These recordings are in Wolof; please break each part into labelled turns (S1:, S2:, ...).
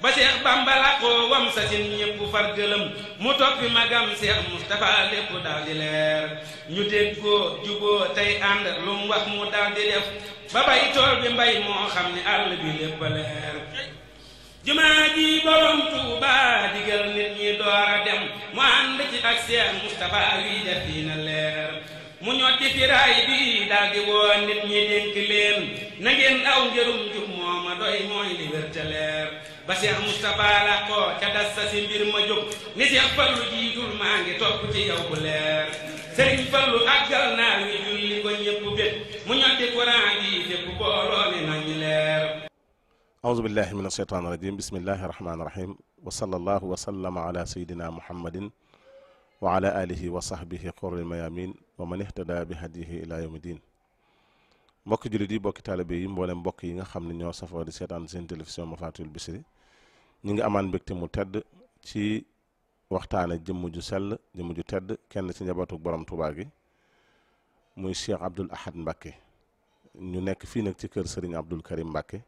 S1: ba Seex Bamba wam sa sin ñépp far gëlëm mu toppi magam Seex Mustapha lépp daal di leer ñu déggoo juboo tey ànd lu wax mu daal di def ba bay tool bi mbay moo xam ne àll bi lépp leer jumaa ji borom Tuubaa digal nit ñi door dem mu ànd ci ak Seex Mustapha wi def dina leer mu ñotti firaay bi daal di woo nit ñi dénk leen na ngeen aw njërum jub moo doy mooy li wér te leer ba Seex Mustapha la ko ca dassa si mbir ma jóg ni Seex Fallu jiitul maa ngi topp ci yow bu leer Sëriñ Fallu àggal naar wi julli ko ñëpp bét mu ñotti Quran yi fépp booloo ne nañu leer
S2: aouzu billahi min asheytaan irajim bismillahi irahmani irahim wa sallallahu wa sallama ala sayidina muhammadin wa ala alihi wa sahbihi qurril mayamin wa man ihtada bi hadihi ila yawmi din mbokki mbokk yi nga xam ne ñoo safoo di seetaan seen télévision ñu ngi amaan mbégte mu tedd ci waxtaane jëmm ju sell jëmm ju tedd kenn ci njabootu borom Touba gi muy Cheikh Abdoul Ahad Mbacké ñu nekk fii nag ci kër Serigne Abdoul Karim Mbacké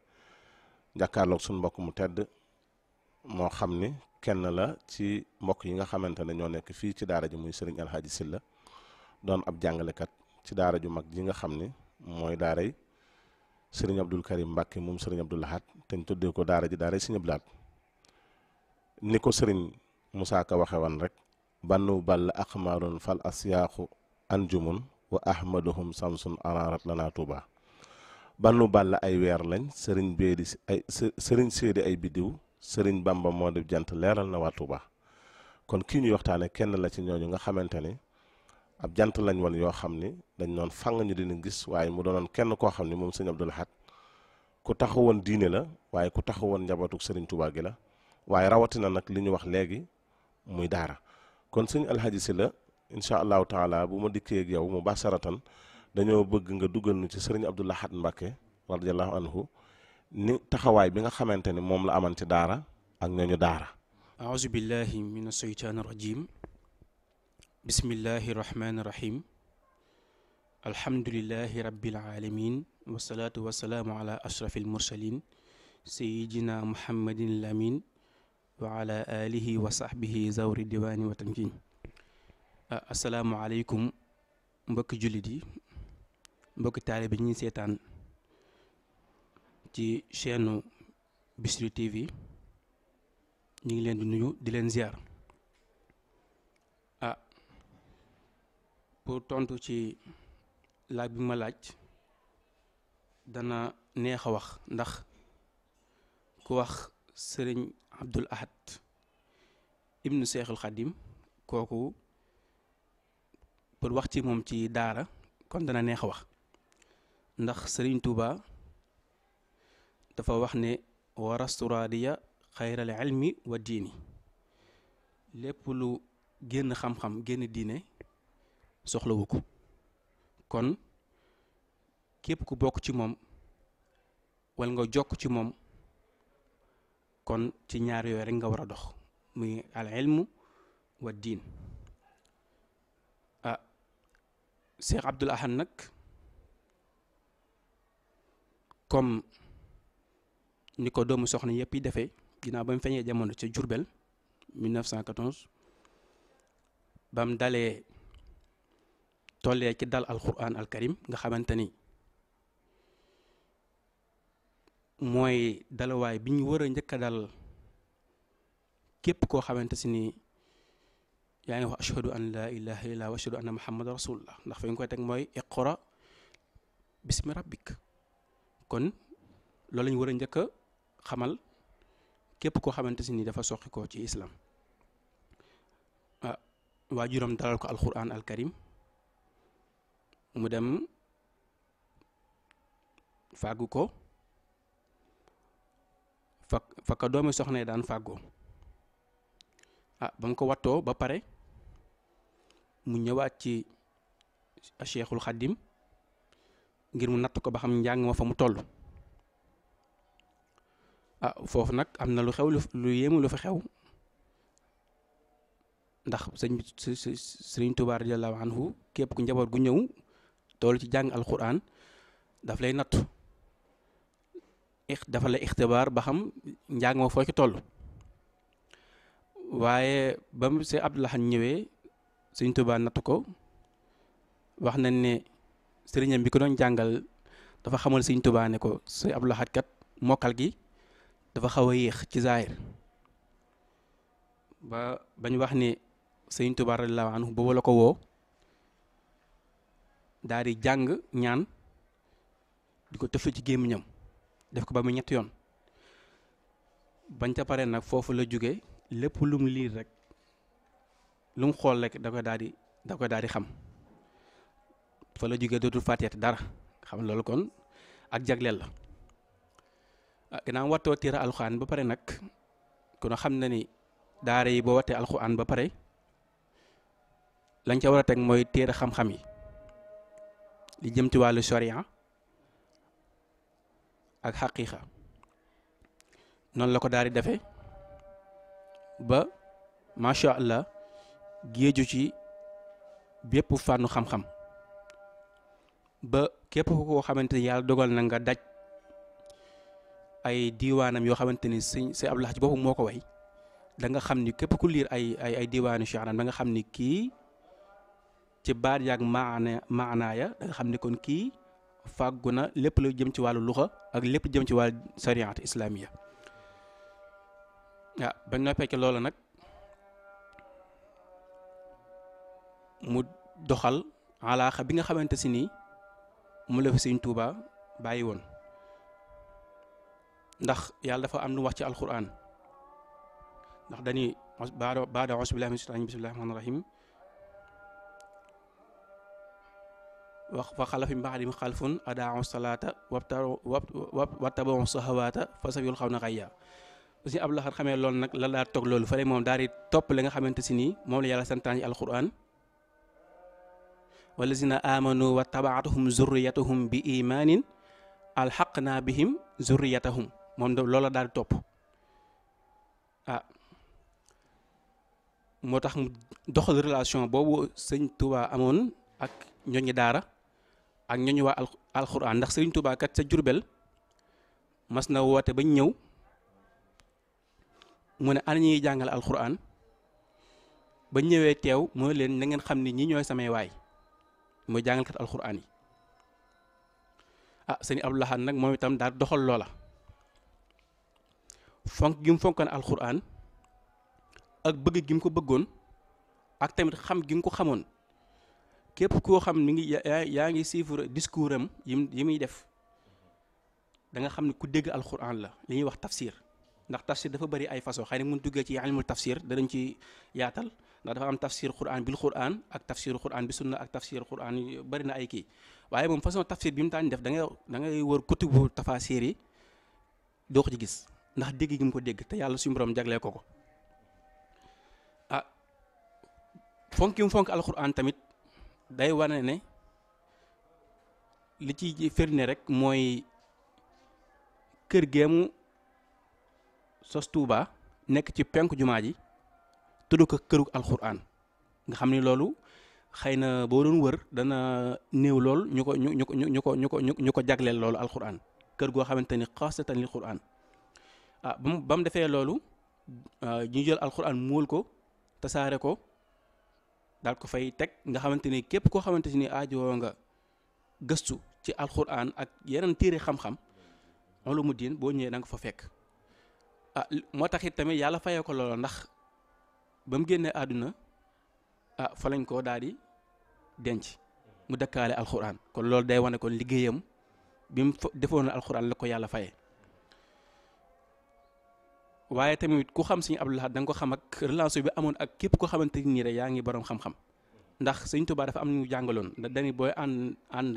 S2: jàkkaarloog suñu mbokk mu tedd moo xam ni kenn la ci mbokk yi nga xamante ne ñoo nekk fii ci daara ji muy Serigne El Hadji Sylla doon ab jàngalekat ci daara ju mag ji nga xam ni mooy daaray Serigne Abdoul Karim Mbacké moom Serigne Abdoul Ahad te ñu tuddee ko daara ji daaray Serigne Abdoul Ahad ni ko sëriñ musaa ko waxe woon rek bannu ball aqmaarun fal asiyaaxu anjumun wa ahmaduhum samsun araarat lana tuuba bannu ball ay weer lañ sëriñ beedi ay sëriñ séedi ay biddiw sëriñ bamba moo def jant leeral na waa tuuba kon kii ñu waxtaane kenn la ci ñooñu nga xamante ni ab jant lañ woon yoo xam ni dañ noon fang ñu dina gis waaye mu doonoon kenn koo xam ni moom sëñ Abdul xat ku taxawoon diine la waaye ku taxu taxawoon njabootu sëriñ Tuubaa gi la waaye rawatina nag li ñu wax léegi muy daara kon sëñ alxaaji si la incha allahu taala bu ma dikkee yow mu basaratan dañoo bëgg nga dugal nu ci sëriñ Abdou Lahad Mbacké radiallahu anhu ni taxawaay bi nga xamante ni moom la aman daara ak ñooñu daara
S3: aouzu billahi min asheytaan irajim alamin wasalaatu wasalaamu ala ashraf almursalin sayidina muhammadin lamin wa ala alihi wa sahbihi zawri diwaani wa tamkin asalaamualeykum mbokki jullit yi mbokki taalibe bi ñuy seetaan ci chaîne Bichri TV ñu ngi leen di nuyu di leen ziar ah pour tontu ci laaj bi ma laaj dana neex a wax ndax ku wax sëriñ Abdul Ahad ibnu Seexul Xadim kooku pour wax ci moom ci daara kon dana neex a wax ndax Sëriñ Tuuba dafa wax ne warasturaadiya xayral ilmi wa diini lépp lu génn xam-xam génn diine soxlawu ko kon képp ku bokk ci moom wala nga jokk ci moom kon ci ñaar yooyu rek nga war a dox muy al wa diin ah Cheikh Abdoul Ahad nag comme ni ko doomu soxna yëpp yi defee ginnaaw ba mu feeñee jamono ca Jurbel 1914 ba mu dalee tollee ci dal alquran al karim nga xamante ni mooy dalawaay bi ñu war a njëkk a dal képp koo xamante si ni yaa ngi wax ashhadu an laa ilaha illa wa ashhadu anna muhammadan rasulullah ndax fa ñu koy teg mooy iqra bismi rabbik kon loolu lañu war a njëkk a xamal képp koo xamante si ni dafa soqi ci islam waa ah, waajuram dalal ko alquran al karim mu dem fàggu ko fa fa ka doomi soxna yi daan fàggoo ah ba mu ko wattoo ba pare mu ñëwaat ci Cheikhul Xaddim ngir mu natt ko ba xam njàng ma fa mu toll ah foofu nag am na lu xew lu yéemu lu fa xew ndax sëñ bi sëriñ Tuubaa radiyallaahu anhu képp ku njaboot gu ñëw toll ci jàng alquran daf lay nattu dafa la ixtibaar ba xam njàng ma foo ci toll waaye ba mu see Abdul Ahad ñëwee Sëriñ Tuubaa natt ko wax na ne sëriñam bi ko doon jàngal dafa xamal Sëriñ Tuubaa ne ko si Abdul Ahad kat mokkal gi dafa xaw a yéex ci zaahir ba bañ wax ne Sëriñ Tuubaa la anhu boobu la ko woo daal di jàng ñaan di ko tëfli ci gémmiñam def ko ba mu ñetti yoon bañ ca pare nag foofu la jóge lépp lum liir rek lum xool rek da koy daal di xam fa la jóge dootul fàtteeti dara xam loolu kon ak jagleel la ah, ginnaaw wattoo tiira alxuraan ba pare nag kon xam na ni daara yi boo wattee alxuraan ba pare lañ ca war a teg mooy téere xam-xam yi li jëm ci wàllu sharia ak xaqiiqa noonu la ko daal di defe ba macha allah géeju ci bépp fànnu xam-xam ba képp ku ko xamante ni yàlla dogal na nga daj ay diwaanam yoo xamante ni sëñ sëñ Abdou Lahad ci boppam moo ko way danga xam ni képp ku liir ay ay ay diwaanu Cheikh Naan nga xam ni kii ci baat yaag maana maanaa ya xam ni kon kii fàggu na lépp lu jëm ci wàllu luxa ak lépp jëm ci wàllu sariyaat islaamiya waaw ah, ba noppee ci loolu nag mu doxal alaaxa bi nga xamante si nii mu la fi Sëriñ Tuuba bàyyi woon ndax yàlla dafa am lu wax ci alquran ndax dañuy baada baada auzu billahi mina shaytaani rahim wax fa xalafi mbaadim xalfun adaau salaata wattabau sahawaata fa saf xaw na xayya si ab laxar xamee loolu nag la daa toog loolu fële moom daal di topp li nga xamante si nii moom la yàlla santaan ci alquran walazina daal di topp ah. moo tax mu doxal relation boobu sëñ Tuubaa amoon ak ñooñu daara ak ñooñu waa alxuraan ndax Serigne Touba sa Jurbel mas na woote bañ ñëw mu ne ana ñuy jàngal alxuraan bañ ñëwee teew mooy leen na ngeen xam ni ñi ñooy samay waay mooy jàngalkat alxuraan yi ah sëñ Abdou Lahad nag moom itam daal doxal loola fonk gi mu fonkoon alxuraan ak bëgg gi mu ko bëggoon ak tamit xam gi mu ko xamoon képp koo xam ni ngi yaa ngi suivre discours am yim yi muy def da nga xam ne ku dégg alquran la li ñuy wax tafsir ndax tafsir dafa bëri ay façon xëy na mun duggee ci ilmul tafsir danañ ci yaatal ndax dafa am tafsir quran bil quran ak tafsir quran bi na ak tafsir quran bari na ay kii waaye moom façon tafsir bi mu taan def da ngay da ngay wër kutubu tafasir yi doo ko ci gis ndax dégg gi mu ko dégg te yàlla suñu borom jaglee ko ko ah, fonk mu fonk tamit day wane ne li ci firnde rek mooy kër geemu sos Touba nekk ci penku jumaa ji tudd ko këru alxuraan nga xam ni loolu xëy na boo doon wër dana néew lool ñu ko ñu ñu ko ñu ko ñu ko ñu ko jagleel loolu alxuraan kër goo xamante ni xaasatan li xuraan ah ba mu ba mu defee loolu ah, ñu jël alxuraan muul ko tasaare ko. daal ko fay teg nga xamante ni képp koo xamante ni aajowoo nga gëstu ci alxuraan ak yeneen téere xam-xam moom mu diin boo ñëwee da nga fa fekk ah, moo tax it tamit yàlla fayee ko loolu ndax ba mu génnee àdduna ah fa ko daal di denc mu dëkkaale alxuraan kon loolu day wane kon liggéeyam bi mu defoon alxuraan la ko yàlla fayee. waaye tamit ku xam sëñ Abdou Lahad da nga ko xam ak relation bi amoon ak képp koo xamante ni rek yaa ngi borom xam-xam ndax sëñ Tuubaa dafa am ñu jàngaloon dañuy booy ànd ànd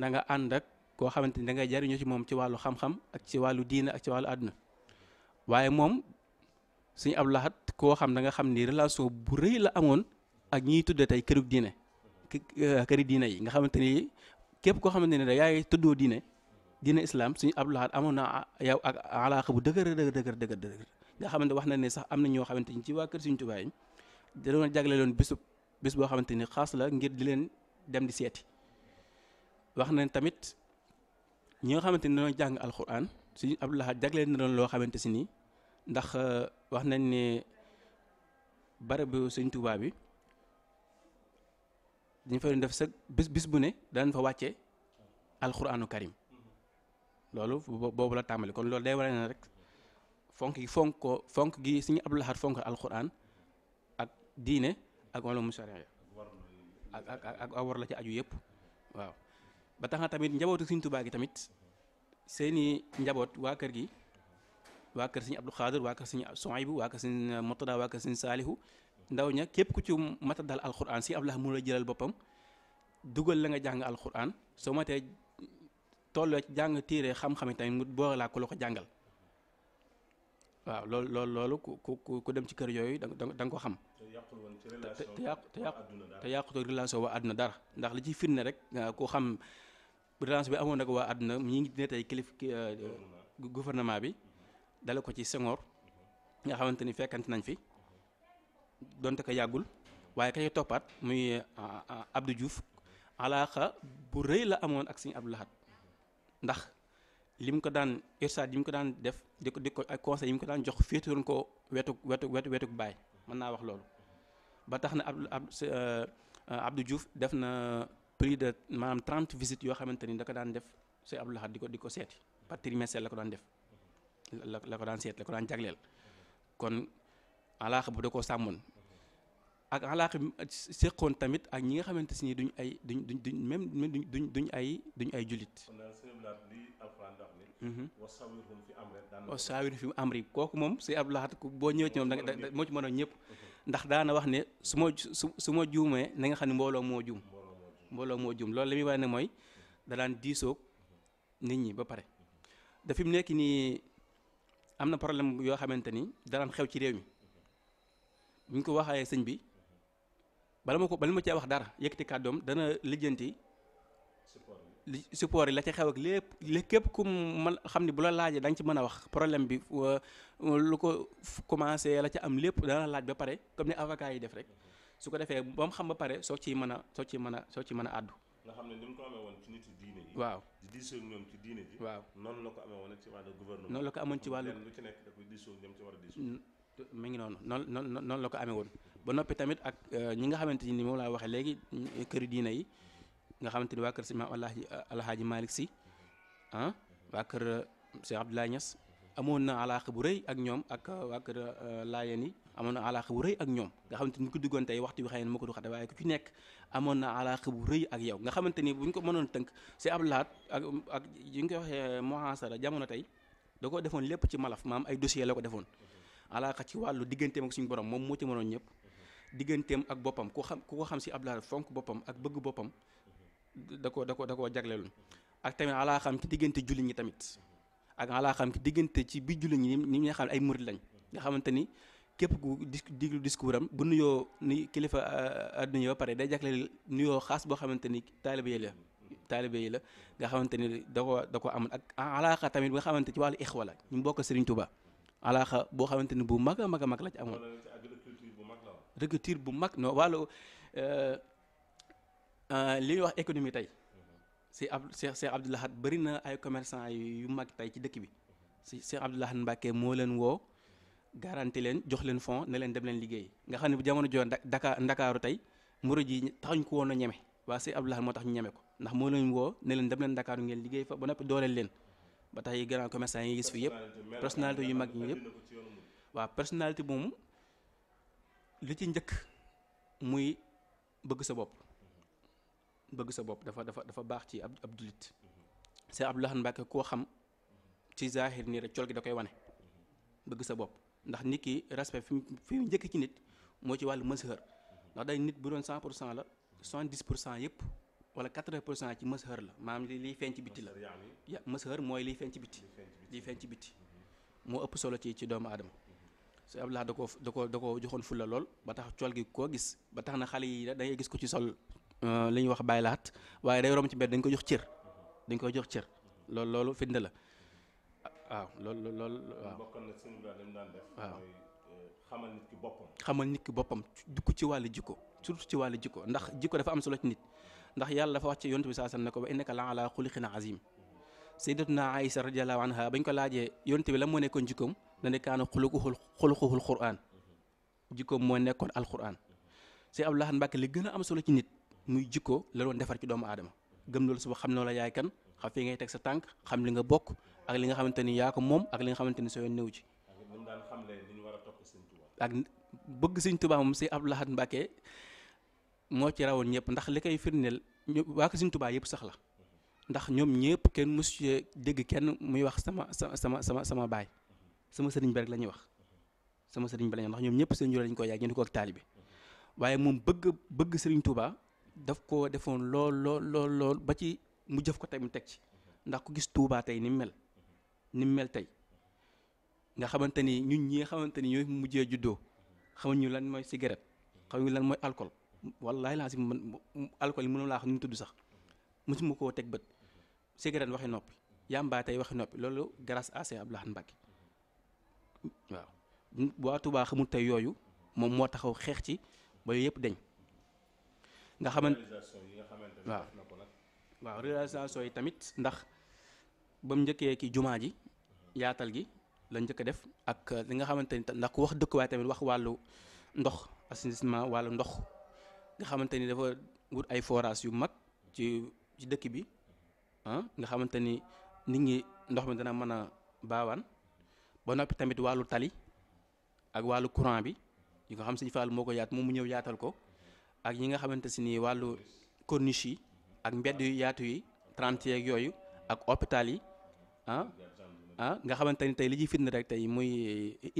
S3: da nga ànd ak koo xamante ni da jariñoo ci moom ci wàllu xam-xam ak ci wàllu diine ak ci wàllu àdduna waaye moom sëñ ab Lahad koo xam da nga xam ni relation bu rëy la amoon ak ñii tudd tey këru diine këri diine yi nga xamante ni képp koo xamante ni rek yaa ngi tuddoo diine diine islaam suñu Abdul Ahad amoon na yow ak alaaxa bu dëgër dëgër dëgër dëgër nga xamante wax nañ ne sax am na ñoo xamante ni ci waa kër suñu Tuubaa yi da loon bisu bis boo xamante ni xaas la di leen dem di seeti wax nañ tamit ñi nga xamante ni dañoo jàng alxuraan suñu Abdul Ahad jagleel na doon loo xamante si nii ndax euh, wax nañ ne barabu suñ Tuubaa bi dañ fa def sa bis bis bu ne danañ fa wàcce alxuraanu karim loolu boobu la tàmbali kon loolu day waree na rek fonk gi fonk ko fonk gi suñu Abdul Ahad fonk alquran ak diine ak wala musariya ak ak ak war la ci aju yëpp waaw ba tax na tamit njabootu Sëriñ Tuubaa gi tamit seeni njaboot waa kër gi waa kër Sëriñ Abdul Xaadir waa kër Sëriñ Suhaybu waa kër Sëriñ Murtadaa waa kër Sëriñ Saalihu ndaw ña képp ku ci mata dal alquran si Abdul Ahad mu la jëlal boppam dugal la nga jàng alquran soo matee tolloo ci jàng téere xam-xam mu boole laa ko la ko jàngal waaw loolu loolu loolu ku ku ku dem ci kër yooyu da nga da ko xam. te yàqul woon ci relation te yàqu te àdduna dara ndax li ci firnde rek ku xam relation bi amoon nag waa àdduna ñi ngi ne tey kilif euh, gouvernement bi dale ko ci Senghor nga xamante ni fekkante nañ fi donte ko yàggul waaye kay toppaat muy euh, abdu Diouf alaaxa bu rëy la amoon ak Sëriñ Abdou Lahad ndax li mu ko daan irsaad yi mu ko daan def di ko di ko ak conseil yi mu ko daan jox féetuwoon ko wetu wetu wetu wetu baay mën naa wax loolu. ba tax na Abdou euh, Abdou Diouf def na plus de maanaam trente visites yoo xamante ni da ko daan def si Abdou Lahad di ko di ko seeti par trimestre la ko daan def la la ko daan seet la ko daan jagleel kon alaaxa bu da koo sàmmoon. ak alaaqa séqoon tamit ak ñi nga xamante si nii duñ ay duñ duñ duñ même duñ duñ duñ ay duñ ay jullit. wasaawir mhm. fi amri kooku moom si ab ku boo ñëwee ci moom danga moo ci ñëpp mhm. ndax daana wax ne su ma su su ma juumee na xam ne mbooloo moo juum mbooloo moo juum loolu li muy wax ne mooy da daan diisoog nit ñi ba pare dafi mu nekk nii am na problème yoo xamante ni da xew ci réew mi bu ñu ko waxee sëñ bi bala ma ko bala ma cee wax dara yëkkati kàddoom dana lijjanti. li support yi la ca xew ak lépp lépp képp ku man xam ni bu la laajee da ci mën a wax problème bi lu ko commencé la ca am lépp dana laaj ba pare comme ni avocat yi def rek su ko defee ba mu xam ba pare soo ciy mën a soo ci mën a soo ciy mën a àddu.
S2: nga xam ne ni mu ko waaw di diisoo ak ñoom waaw noonu la ko amee ci wàllu gouvernement. ko amoon ci wàllu lu ci nekk da koy diisoo ñoom ci war a diisoo.
S3: mi ngi noonu noonu noonu noonu la ko amee woon. ba noppi tamit ak euh, ñi nga xamante ni moom laa waxee léegi këri diina yi nga xamante ni waa kër si maam alaaji alhaaji euh, Malick si ah waa kër si euh, Abdoulaye Niass amoon na alaaxa bu rëy ak ñoom ak waa kër laayeen yi amoon na bu rëy ak ñoom nga xamante ni ñu ko duggoon tey waxtu bi xëy na ma ko du xate waaye ku ci nekk amoon na alaaxa bu rëy ak yow nga xamante ni buñ ko mënoon tënk si ab laat ak ak yi nga ko waxee mohansara jamono tey da ko defoon lépp ci malaf maam ay dossier la ko defoon alaaxa ci wàllu digganteem ak suñu borom moom moo ci mënoon ñëpp digganteem ak boppam ku xam ku ko xam si ab Abdoulaye fonk boppam ak bëgg boppam da ko da ko da koo ak tamit alaa xam diggante julli ñi tamit ak alaa xam diggante ci bi julli ñi ni nga xam ne ay murid lañ nga xamante ni képp ku di diglu discours am bu nuyoo ni kilifa àdduna yi ba pare day jagleel nuyoo xaas boo xamante ni taalibe yi la la nga xamante ni da ko da ko am ak alaaxa tamit nga xamante ci wàllu ixwa la ñu bokk Serigne Touba alaaxa boo xamante ni bu mag a mag mag la ci amoon rëgatir bu mag non wàllu euh, euh, li ñuy wax économie tey si ab Cheikh Abdou Lahad bëri na ay commerçant yu mag tey ci dëkk bi si Cheikh Abdou Lahad moo leen woo garanti leen jox leen fonds ne leen dem leen liggéey nga xam ne bu jamono joon Dakar Ndakaaru tey muro ji taxuñ ko woon a ñeme waa Cheikh Abdou Lahad moo tax ñu ñeme ko ndax moo leen woo ne leen dem leen Ndakaaru ngeen liggéey fa ba noppi dooleel leen ba tax yi grand commerçant yi gis fi yëpp personnalité yu mag ñi yëpp waaw li ci njëkk muy bëgg sa bopp bëgg sa bopp dafa dafa dafa baax ci ab ab jullit Seex Abdou Lahad Mbacke koo xam ci zaahir nii rek col gi da koy wane bëgg sa bopp ndax nit ki respect fi fi mu njëkk ci nit moo ci wàllu mësër ndax day nit bu doon 100 pour cent la 70 pour cent yëpp wala 80 pour cent ci mësër la maanaam li liy feeñ ci bitti la ya mooy liy feeñ ci bitti liy feeñ ci bitti moo ëpp solo ci ci doomu aadama sëñ Abdoulaye da koo da koo da koo joxoon fulla lool ba tax col gi koo gis ba tax na xale yi da ngay gis ko ci sol euh, li ñuy wax bàyyi laat waaye day ci mbedd dañ ko jox dañ koy jox cër loolu loolu fitna la ah, waaw loolu loolu waaw
S2: bokkoon na sëñ Ibrahima dañ daan def waaw euh, xamal nit ki boppam
S3: xamal nit ki boppam ci wàllu jikko surtout ci jikko ndax jikko dafa am solo ci nit ndax yàlla dafa wax ci yonent bi sallallahu alayhi wasallam ne ko wa innaka la ala xuliqin azim sayyidatuna Aïsa radiyallahu anha bañ ko laajee yonent bi la moo nekkoon jikkoom dane kaana xuluquhul xuluquhul quraan jikkoom moo nekkoon alquran si Abdou Lahad Mbacké li gën a am solo ci nit muy jikko la doon defar ci doomu aadama gëm na la suba xam na la yaay kan xam fi ngay teg sa tànk xam li nga bokk ak li nga xamante ni yaa ko moom ak li nga xamante ni soo yoon néew ci ak bëgg Sëñ Tuubaa moom si Abdou Lahad Mbacké moo ci rawoon ñëpp ndax li koy firndeel ñu waa ko Sëñ Tuubaa yëpp sax la ndax ñoom ñëpp kenn mësu dégg kenn muy wax sama sama sama sama baay sama sëriñ bi rek la ñuy wax sama sëriñ bi la wax ndax ñoom ñëpp seen juró lañ ko yaay ñeenti ko ak taalibe waaye moom bëgg bëgg sëriñ Touba daf ko defoon lool lool lool lool ba ci mu jëf ko tamit teg ci ndax ku gis Touba tey ni mu mel ni mu mel tey nga xamante ni ñun ñi nga xamante ni ñooy mujjee juddoo xamuñu lan mooy cigarette xamuñu lan mooy alcool wallaahi laa si man alcool yi mënul laa xam ni tudd sax mosuma koo teg bët cigarette waxi noppi yàmbaa tey waxi noppi loolu grâce à Sëñ Abdou Lahad waaw waa Touba xamul tey yooyu moom moo taxaw xeex ci ba yooyu yëpp dañ. nga xamante waaw yi tamit ndax ba mu jumaa ji yaatal gi la njëkk def ak euh, li nga xamante ni ndax ku wax dëkk dëkkuwaay tamit wax wàllu ndox assainissement wàllu ndox nga xamante ni dafa wut ay forage yu mag ci ci dëkk bi ah, nga xamante ni nit ñi ndox mi dana mën a baawaan. ba noppi tamit wàllu tali ak wàllu courant bi yi nga xam sëñ Fall moo ko yaat moom mu ñëw yaatal ko ak ñi nga xamante si nii wàllu corniche yi ak mbedd yu yaatu yi trente yeeg yooyu ak hôpital yi ah ah nga xamante ni tey li ñuy firnde rek tey muy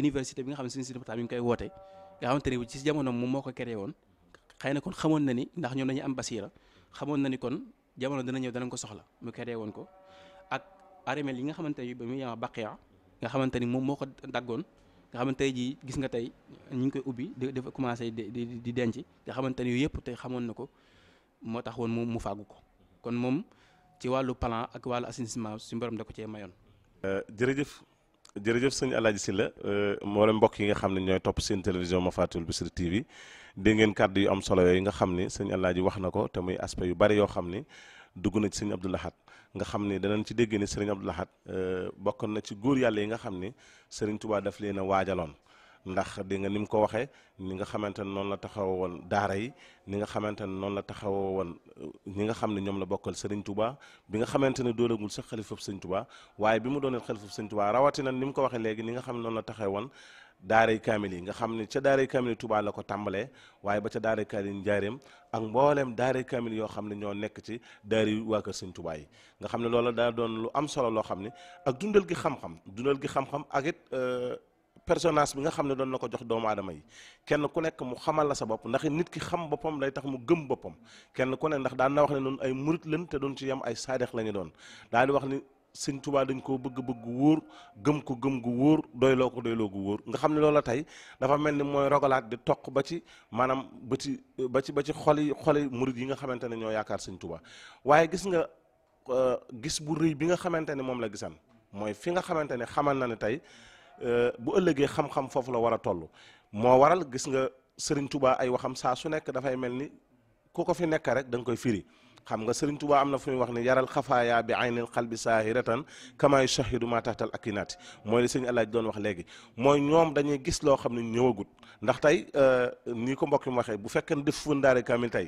S3: université bi nga xam ne suñu si département mi ngi koy woote nga xamante ni ci jamono moom moo ko créé woon xëy na kon xamoon na ni ndax ñoom dañuy am basiira xamoon na ni kon jamono dana ñëw danañ ko soxla mu créé woon ko ak armeel yi nga xamante ni bi muy nga xamante ni moom moo ko daggoon nga xamante ne jii gis nga tey ñu ngi koy ubbi di dafa commencé di di denc nga xamante ni yëpp tey xamoon na ko moo tax woon mu fàggu ko kon moom ci wàllu plan ak wàllu assainissement suñu borom da ko cee mayoon.
S2: Euh, jërëjëf jërëjëf sëñ la Sylla euh, mboolem mbokk yi nga xam ne ñooy topp seen télévision ma fàttewul Bichri TV dégg ngeen kàddu yu am solo yooyu nga xam ni sëñ Alaaji wax na ko te muy aspect yu bari yoo xam ni. dugg na ci sëriñ Abdou Lahad nga xam ne danañ ci déggee ne sëriñ Abdou Lahad euh, bokkoon na ci góor yàlla yi nga xam ni sëriñ Tuubaa daf leen a waajaloon ndax di nga ni mu ko waxee ni nga xamante ne noonu la taxawoo woon daara yi ni nga xamante ne noonu la taxawoo woon ni euh, nga xam ne ñoom la bokkal Serigne Touba bi nga xamante ne doolagul sax xalifab Serigne Touba waaye bi mu doon xalifab Serigne Touba rawatina ni mu ko waxee léegi ni nga xam ne noonu la taxawee woon daaray kaamil yi nga xam ne ca daaray kaamil yi Touba la ko tàmbalee waaye ba ca daaray kaamil yi Njaareem ak mbooleem daaray kaamil yoo xam ne ñoo nekk ci daari waa kër Sëñ Touba yi nga xam ne loola daa doon lu am solo loo xam ne ak dundal gi xam-xam gi xam ak it euh, personnage bi nga xam ne doon na ko jox doomu adama yi kenn ku nekk mu xamal la sa bopp ndax nit ki xam boppam day tax mu gëm boppam kenn ku ne ndax daan na wax ne noonu ay murit lañ yem ay saadex la ñu doon sëñ Tuubaa dañ koo bëgg bëgg gu wóor gëm ko gëm gu wóor doyloo ko doyloo gu wóor nga xam ne loola tey dafa mel ni mooy rogalaat di toq ba ci maanaam ba ci ba ci ba ci xoli xoli murid yi nga xamante ne ñoo yaakaar sëñ Tuubaa waaye gis nga euh, gis bu rëy bi nga xamante ne moom la gisaan mooy fi nga xamante ne xamal na ne tey euh, bu ëllëgee xam-xam foofu la war a toll moo waral gis nga sëriñ tubaa ay waxam saa su nekk dafay mel ni ku ko fi nekk rek da nga koy firi xam nga Sëriñ Tuubaa am na fu muy wax ne yaral xafaaya bi aynil xalbi saahiratan kama yushahidu ma taxtal akinaati mooy li sëñ Alaaji doon wax léegi mooy ñoom dañuy gis loo xam ne ñëwagut ndax tey euh, nii ko mbokk mi waxee bu fekkee def fundaare kamil tey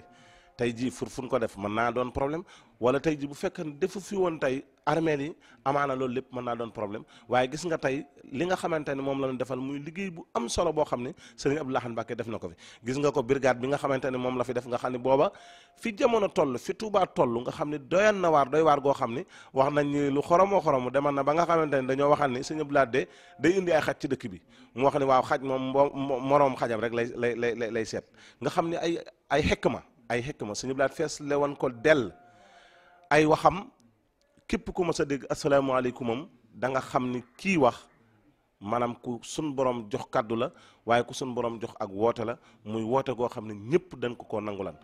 S2: tey jii fur fu ko def mën naa doon wala tey jii bu fekkee defu fi woon tey armeel yi amaana loolu lépp mën naa doon problème waaye gis nga tey li nga xamante ne moom la ñu defal muy liggéey bu am solo boo xam ne sëriñ Abdou Lahad Mbacké na ko fi gis nga ko brigade bi nga xamante ne moom la fi def nga xam ne booba fi jamono toll fi Touba toll nga xam ne doyan na waar doy waar goo xam ne wax nañ ni lu xoromoo xoromu demal na ba nga xamante ne dañoo waxal ni sëriñ Abdou Lahad de day indi ay xaj ci dëkk bi mu wax ne waaw xaj moom morom xajam rek lay lay lay lay seet nga xam ne ay ay xekk ma ay xikma ñu blaat fees le woon ko dell ay waxam képp ku ma sa dégg asalaamaaleykumam da nga xam ni kii wax maanaam ku suñ borom jox kàddu la waaye ku suñ borom jox ak woote la muy woote goo xam ne ñëpp dañ ko koo nangulan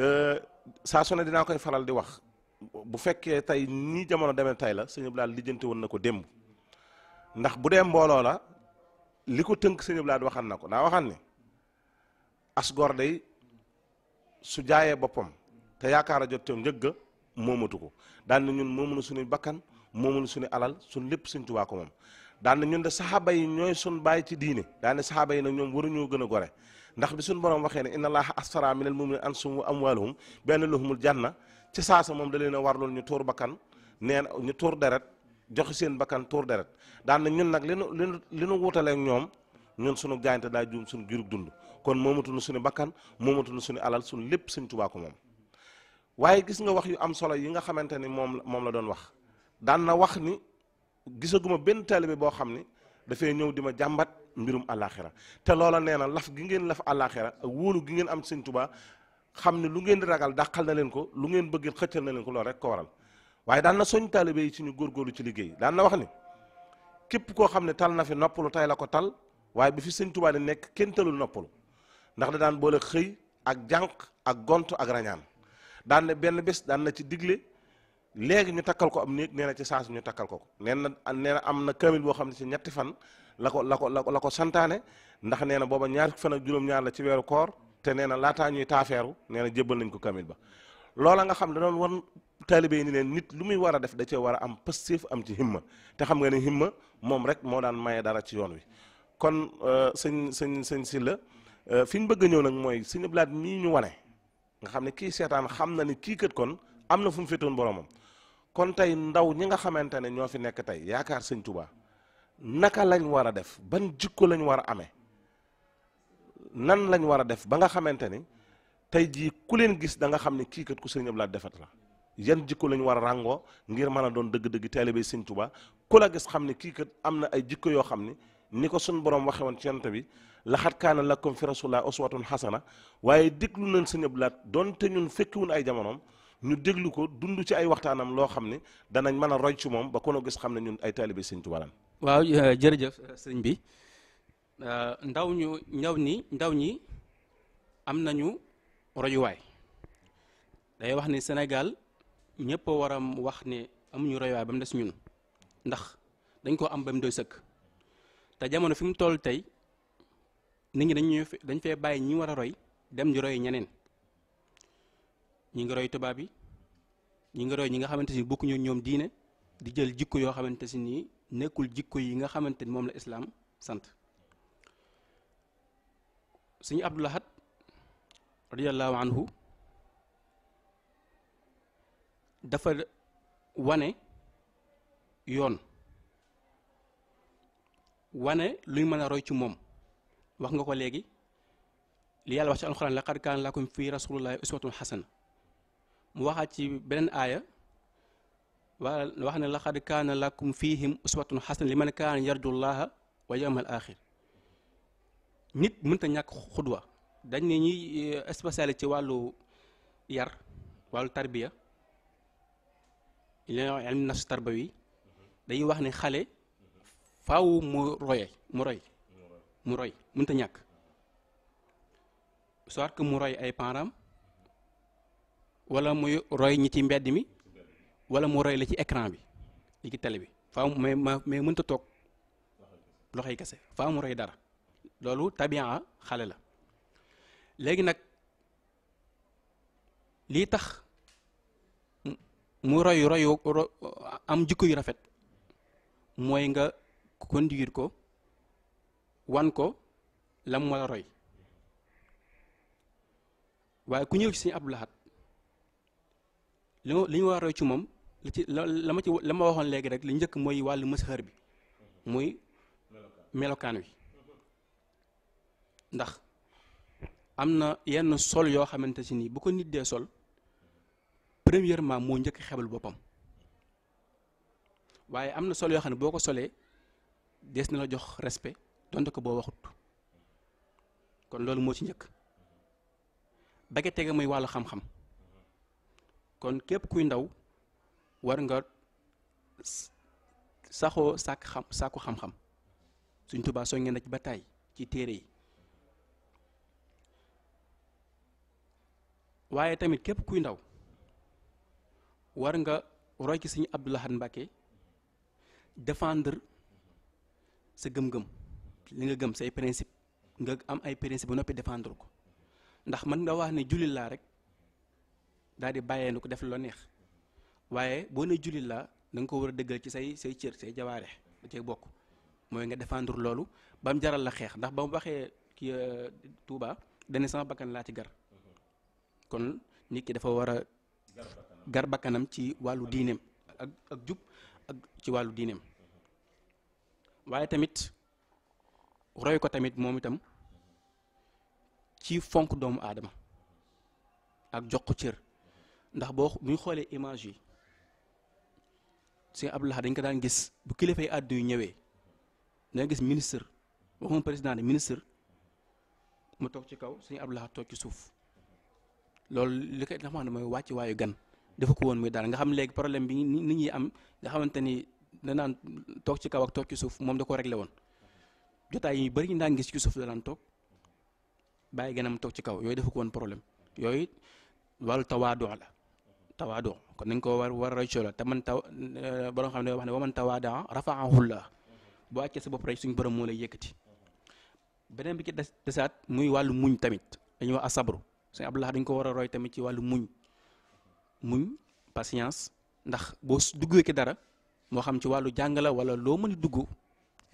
S2: euh, saa su ne dinaa koy faral di wax bu fekkee tey nii jamono deme tey la suñu blaat lijjanti woon na ko démb ndax bu dee mbooloo la li ko tënk suñu blaat waxan na ko daa waxan ni as gor su jaayee boppam te yaakaar a jot te njëgg moomatu ko daan na ñun moomu na suñu bakkan moomu na suñu alal suñ lépp suñ tubaa ko moom daan na ñun de saxaaba yi ñooy suñ bàyyi ci diine daan na saxaaba yi nag ñoom waruñoo gën a gore ndax bi suñ borom waxee ne inna allaha astara minal mu'minina anfusahum am amwaalahum bi anna lahumul janna ci saasa moom da leen a war ñu tuur bakkan nee ñu tuur deret joxi seen bakkan tuur deret daan na ñun nag li nu li nu li ak ñoom ñun sunu jaayante daa juum suñu jurug dund kon moomatu moomatuñu suñu bakkan moomatuñu suñu alal suñu lépp suñ tubaa ko moom waaye gis nga wax yu am solo yi nga xamante ni moom moom la doon wax daan na wax ni gisaguma benn taalibe boo xam ni dafay ñëw di ma jàmbat mbirum àllaaxira te loola nee na laf gi ngeen laf àllaaxira ak wóolu gi ngeen am sëñ tubaa xam ne lu ngeen di ragal dàqal na leen ko lu ngeen bëggee xëccal na leen ko loolu rek ko waral waaye daan na soñ taalibe yi ci ñu góorgóorlu ci liggéey daan na wax ni képp koo xam ne tal na fi noppalu tay la ko tal waaye bi fi sëñ tubaa di nekk kenn talul noppalu ndax da daan boole xëy ak jànq ak gont ak rañaan daan na benn bés daan na ci digle léegi ñu takkal ko am néeg nee na ci saa ñu takkal ko ko nee na nee na am na kaamil boo xam ne ci ñetti fan la ko la ko la ko la ko santaane ndax nee na booba ñaar fan ak juróom-ñaar la ci weeru koor te nee na laataa ñuy taafeeru nee na jébbal nañ ko kaamil ba loola nga xam da doon wan taalibe yi ni leen nit lu muy war a def da cee war a am pastéef am ci himma te xam nga ne himma moom rek moo daan maye dara ci yoon wi kon euh, sëñ sëñ sëñ si la Euh, fi ñu bëgg a ñëw nag mooy Sëñ Abdou Lahad mii ñu wane nga xam ne kii seetaan xam na ni kii kët kon am na fu mu féetoon boromam kon tey ndaw ñi nga xamante ne ñoo fi nekk tey yaakaar Sëñ Tuubaa naka lañ war a def ban jikko lañ war a amee nan lañ war a def ba nga xamante ni tey jii ku leen gis danga xam ne kii kat ku Sëñ Abdou defat la yan jikko lañu war a ràngoo ngir mën a doon dëgg-dëgg taalibe Sëñ Tuubaa ku la gis xam ne kii kat am na ay jikko yoo xam ne ni ko suñ borom waxe woon ci yonent bi laxat kaana lakum fi rasulillah uswatun xasana waaye déglu nañ sëñ Abdou Lahad donte ñun fekkiwun ay jamonoom ñu déglu ko dund ci ay waxtaanam loo xam ne danañ mën a roy ci moom ba kono gis xam na ñun ay taalibe sëñ Tuubaa lan
S3: waaw euh, jërëjëf euh, sëñ bi euh, ndaw ñu ndaw ñi ndaw ñi am nañu royuwaay day wax ni Sénégal ñëpp war a wax ne amuñu royuwaay ba mu des ñun ndax dañ ko am ba mu doy sëkk te jamono fi mu tey nit ñi dañ dañ fee bàyyi ñi war a roy dem di roy ñeneen ñi ngi roy tubaab yi ñi ngi roy ñi nga xamante si bokkuñu ñoom diine di jël jikko yoo xamante si nii nekkul jikko yi nga xamante ni moom la islaam sant suñu Abdul Ahad radiyallahu anhu dafa wane yoon wane luñ mën a roy ci moom wax nga ko léegi li yàlla wax ci alxuraan laqad kaana lakum fii rasulillahi uswatun xasana mu waxaat ci beneen aaya waa wax ne laqad kaana lakum fiihim uswatun xasana li man kaana yarjullaha wa yawmal axir nit mënta ñàkk xudwa dañ ne ñuy euh, spécialité ci wàllu yar wàllu tarbiya li ñuy wax ilmu tarbawi dañuy wax ne xale faaw mu roye mu roy mu roy mënta ñàkk soit que mu roy ay parents walla muy roy ñi ci mbedd mi wala mu roy la ci écran bi li ci télé bi faaw mais ma mais mënta toog loxoy kese faaw mu roy dara loolu tabia xale la léegi nag lii tax mu roy royu am jikko yu rafet mooy nga conduire ko wan ko lam war a roy waaye ku ñëw ci sëñ Abdou Lahad li li ñu war a roy ci moom li ci la ma ci la ma waxoon léegi rek li njëkk mooy wàllu mësxër bi muy melokaan wi ndax am na yenn sol yoo xamante si nii bu ko nit dee sol premièrement moo njëkk xebal boppam waaye am na sol yoo xam ne boo ko solee des na la jox respect donte ko boo waxut kon loolu moo ci njëkk ba ca tege muy wàllu xam-xam kon képp kuy ndaw war nga saxoo sàkk xam sàkku xam-xam Sëriñ Tuubaa soo ngeen na ci ba tàyyi ci téere yi waaye tamit képp kuy ndaw war nga roy ci Sëriñ Abdul Ahad Mbàkke défendre sa gëm-gëm li nga gëm say principe nga am ay principe bu noppi défendre ko ndax mën nga wax ne jullit laa rek daal di bàyyee ko def la neex waaye boo ne jullit laa da nga ko war a dëggal ci say say cër say jawaare da cee bokk mooy nga défendre loolu ba jaral la xeex ndax ba mu waxee kii euh, tuuba dane sama bakkan laa ci gar kon nit ki dafa war a gar bakkanam ci wàllu diineem ak ak jub ak ci wàllu diineem waaye tamit roy ko tamit moom itam ci fonk doomu aadama ak jox ko cër ndax boo bu ñu xoolee image yi ab Abdoulaye dañ ko daan gis bu kilifay yi ñëwee danga gis ministre waxuma président de ministre mu toog ci kaw suñu ab laxa toog ci suuf loolu li koy nga ne mooy wàcc waayu gan dafa ko woon muy daal nga xam léegi problème bi nit ñi am nga xamante ni naan toog ci kaw ak toog ci suuf moom da ko réglé woon jotaay yi bëri ñu daan gis ci suuf da daan toog bàyyi ganam toog ci kaw yooyu defu ko woon problème yooyu wàllu tawaadoo la tawaadoo kon nañ ko war war rëccoo la te man taw euh, borom xam ne wax ne wa man tawaadaa rafaahu llah boo àccee sa bopp suñ borom moo lay yëkkati beneen bi ci des desaat muy wàllu muñ tamit dañuy wax asabru suñu abdullah dañ ko war a roy tamit ci wàllu muñ muñ patience ndax boo duggee ki dara moo xam ci wàllu jàng la wala loo mën a dugg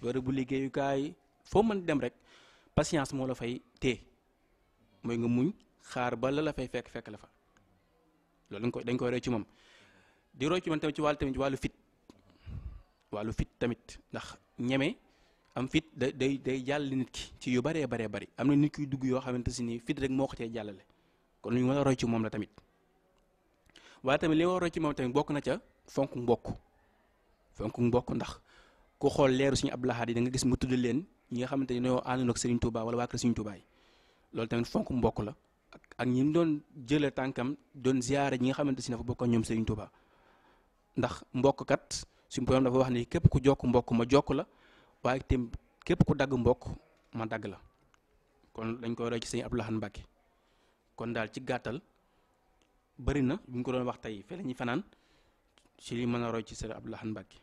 S3: bërëbu liggéeyukaay foo man dem rek patience moo la fay téye mooy nga muñ xaar ba la fay fekk fekk la fa loolu dañ koy dañ koy roy ci moom di roy ci moom tamit ci wàllu tamit wàllu fit wàllu fit tamit ndax ñeme am fit da day day jàll nit ki ci yu baree baree bari am na nit kuy dugg yoo xamante si nii fit rek moo ko cee jàllale kon lu ñu mën ci moom la tamit waaye tamit li ma roy ci moom tamit bokk na ca fonk mbokk fonk mbokk ndax ku xool leeru suñu ab Ahad yi da nga gis mu tudd leen ñi nga xamante ni dañoo àndoon ak Serigne Touba wala waa kër Serigne Touba yi loolu tamit fonk mbokk la ak ñi mu doon jëlee tànkam doon ziare ñi nga xamante si dafa bokk ak ñoom Serigne Touba ndax mbokk kat suñu borom dafa wax ni képp ku jokk mbokk ma jokk la waaye itam képp ku dagg mbokk ma dagg la kon dañ koy roy ci Serigne Abdou Lahad Mbacké kon daal ci gàttal bëri na bu ñu ko doon wax tey fii la ñuy fanaan si li mën a roy ci Serigne Abdou Lahad Mbacké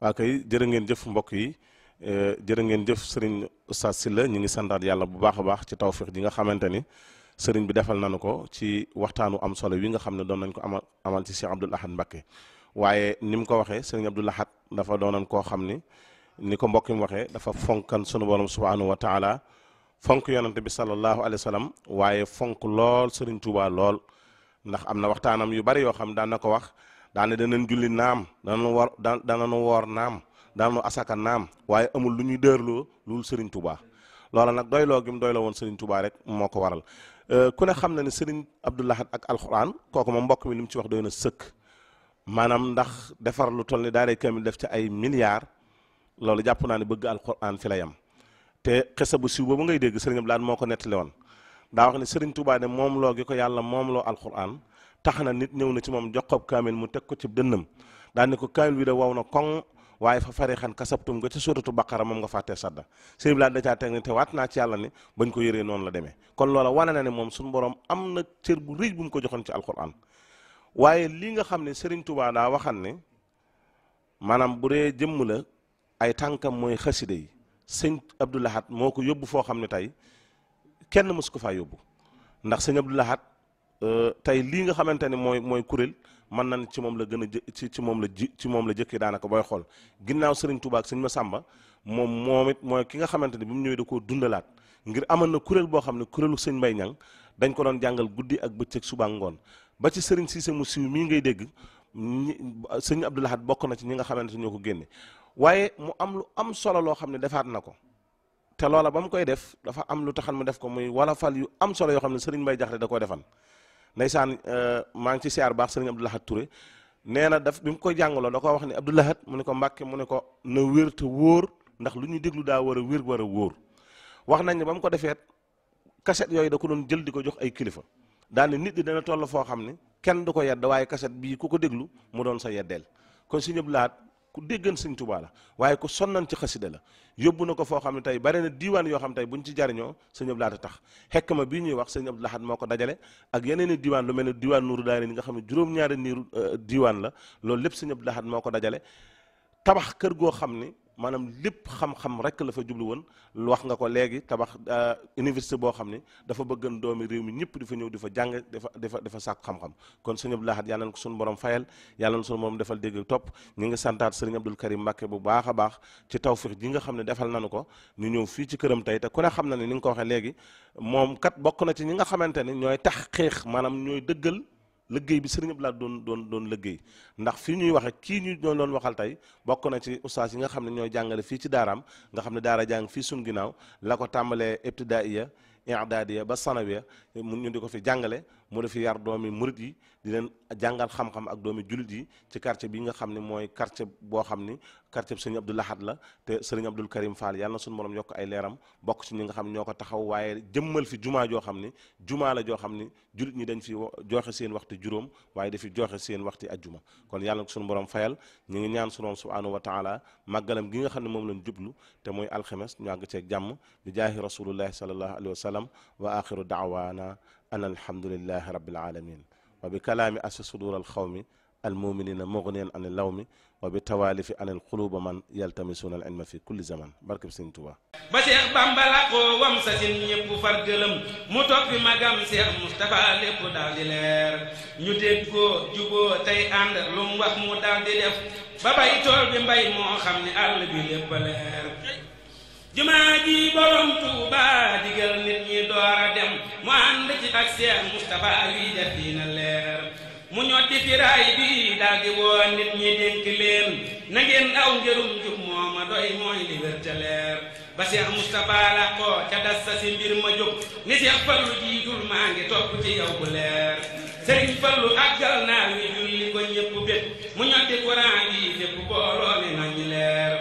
S2: waa kay jërë ngeen jëf mbokk yi eh, jërë ngeen jëf sëriñ Oustaz Sylla ñu ngi santaat yàlla bu baax a baax ci tawfiq ji nga xamante ni sëriñ bi defal nañu ko ci waxtaanu am solo wi nga xam ne doon nañ ko amal amal ci Cheikh Abdoul Ahad Mbacké waaye ni mu ko waxee sëriñ Abdoul Ahad dafa doon doonan koo xam ni ni ko mbokk mi waxee dafa fonkan sunu borom subhanahu wa taala fonk yonent bi sallallahu alayhi wa sallam waaye fonk lool sëriñ Tuubaa lool ndax am na waxtaanam yu bari yoo xam daan na ko wax daane danañ julli naam danañ war da danañu woor naam danañu asaka naam waaye amul lu ñuy dërloo loolu sëriñ Touba loola nag doyloo gi mu doyloo woon Serigne Touba rek moo ko waral euh, ku ne xam na ne Serigne Abdou Lahad ak alxuraan kooku moom mbokk mi li mu ci wax doy na sëkk maanaam ndax defar lu toll ni daaray kamil def ci ay milliards loolu jàpp naa ne bëgg alxuraan fi la yam te xesa bu siiw boobu ngay dégg Serigne Abdou Lahad moo ko nettali woon daa wax ne Serigne Touba de moom loo ko yàlla moom loo tax na nit ñëw na ci moom jox ko kaamil mu teg ko ci dënnam daal ni ko kaamil bi da waw na koŋ waaye fa fare xan kasabtum nga ci suratu baqara moom nga fàttee sadda sëñ bi laa da caa teg ne te waat naa ci yàlla ni bañ ko yëree noonu la demee kon loola wane na ne moom suñu borom am na cër bu rëy bu mu ko joxoon ci alquran waaye li nga xam ne Serigne Touba daa waxan ne maanaam bu dee jëmm la ay tànkam mooy xaside yi sëñ Abdou moo ko yóbbu foo xam ne tey kenn mësu ko faa yóbbu Euh, tey lii nga xamante ni mooy mooy kuréel mën nañ ci moom la gën a jë ci ci moom la ji ci moom la jëkkee daanaka booy xool ginnaaw Serigne tubaak sëñ ma sàmba moom moom it mooy ki nga xamante ni bi mu ñëwee da koo dundalaat ngir amoon na kuréel boo xam ne kuréelu Serigne mbay Niang dañ ko doon jàngal guddi ak bëccëg suba ngoon ba ci sëriñ Cissé mu siiw mii ngay dégg sëñ Serigne Abdou bokk na ci ñi nga xamante ni ñoo ko génne waaye mu am lu am solo loo xam ne defaat na ko. te loola ba mu koy def dafa am lu taxan mu def ko muy walafal yu am solo yoo xam ne Serigne Mbaye Diakhate da koo defan ndeysaan euh, maa ngi ci siyaar baax sëriñ Abdou Lahad Touré nee na daf bi mu ko jàngaloo da koo wax ne Abdou Lahad mu ne ko Mbàkke mu ne ko na wér te wóor ndax lu ñuy déglu daa war a wér war a wóor wax nañ ne ba mu ko defeet kaset yooyu da ko doon jël di ko jox ay kilifa daal ne nit di dana toll foo xam ne kenn du ko yedd waaye kaset bii ku ko déglu mu doon sa yeddeel kon sëriñ Abdou Lahad ku déggan sëñ Tuubaa la waaye ku sonnan ci xasida la yóbbu na ko foo xam ne tey bari na diiwaan yoo xam bu ñu ci jariñoo sëñ Abdou Lahad tax xekk ma bii ñuy wax sëñ Abdou Lahad moo ko dajale ak yeneen i diiwaan lu mel ne diiwaan nuuru daane ni nga xam ne juróom-ñaari niiru euh, diiwaan la loolu lépp sëñ Abdou Lahad moo ko dajale tabax kër goo xam ni maanaam lépp xam-xam rek la fa jublu woon wax nga ko léegi tabax euh, université boo xam ne dafa bëggan doomi réew mi ñëpp di fa ñëw di fa jàng dafa dafa dafa sàkk xam-xam kon sëñ bu Lahad yàlla na ko suñu borom fayal yàlla na suñu borom defal dégg topp ñu ngi santaat sëriñ Abdul Karim Mbàkke bu baax a baax ci tawfiix ji nga xam ne defal nanu ko ñu ñëw fii ci këram tey te ku ne xam na ne ni nga ko waxee léegi moom kat bokk na ci ñi nga xamante ne ñooy tax xeex maanaam ñooy dëggal liggéey bi sëriñ Abdoulaye doon doon doon liggéey ndax fi ñuy waxe kii ñu ñoo doon waxal tey bokk na ci ustaas yi nga xam ne ñooy jàngale fii ci daaraam nga xam ne daara jàng fii suñ ginnaaw la ko tàmbalee ibtidaaiya i'daadiya ba sanawiya mu ñu di ko fi jàngale moo dafi yar doomi murit yi di leen jàngal xam-xam ak doomi jullit yi ci quartier bi nga xam ne mooy quartier boo xam ni quartier bi sëriñ Abdou Lahad la te sëriñ Abdou Karim Fall yàlla na suñu borom yokk ay leeram bokk ci ñi nga xam ne ñoo ko taxaw waaye jëmmal fi jumaa joo xam ni jumaa la joo xam ni jullit ñi dañ fi joxe seen waxtu juróom waaye dafi jooxe seen ak ajjuma kon yàlla na borom fayal ñu ngi ñaan suñu borom subhanahu wa taala màggalam gi nga xam ne moom lañ jublu te mooy alxemes ñu àgg ceeg jàmm bi jaahi rasulullahi sallallahu alayhi wa sallam wa axiru daawaana ana alhamdulilahi rabbil alamin wa bi kalaami asi sudur al xawmi almuminina an lawmi wa bi ba
S1: Seex Bamba làqoo wam sa sin ñëpp far mu toog fi magam Seex Mustapha lépp daal di leer ñu déggoo juboo tey ànd lu mu mu daal di ba bay bi mbay moo xam ne àll bi lépp leer jumaa ji borom Tuuba digal nit ñi door a dem mu ànd ci ak Seex Mustapha yuy def leer mu ñotti firaay bi daldi woo nit ñi dénk leen na ngeen aw njërum jub moo ma doy mooy li wér leer ba Seex Mustapha la koo ca dassa si ma jóg ni Seex Fallu jiitul maa ngi topp ci yow bu leer Sëriñ Fallu àggal naa wi julli ko ñépp bét mu ñotti Kuraan yi fépp booloo ne nañ leer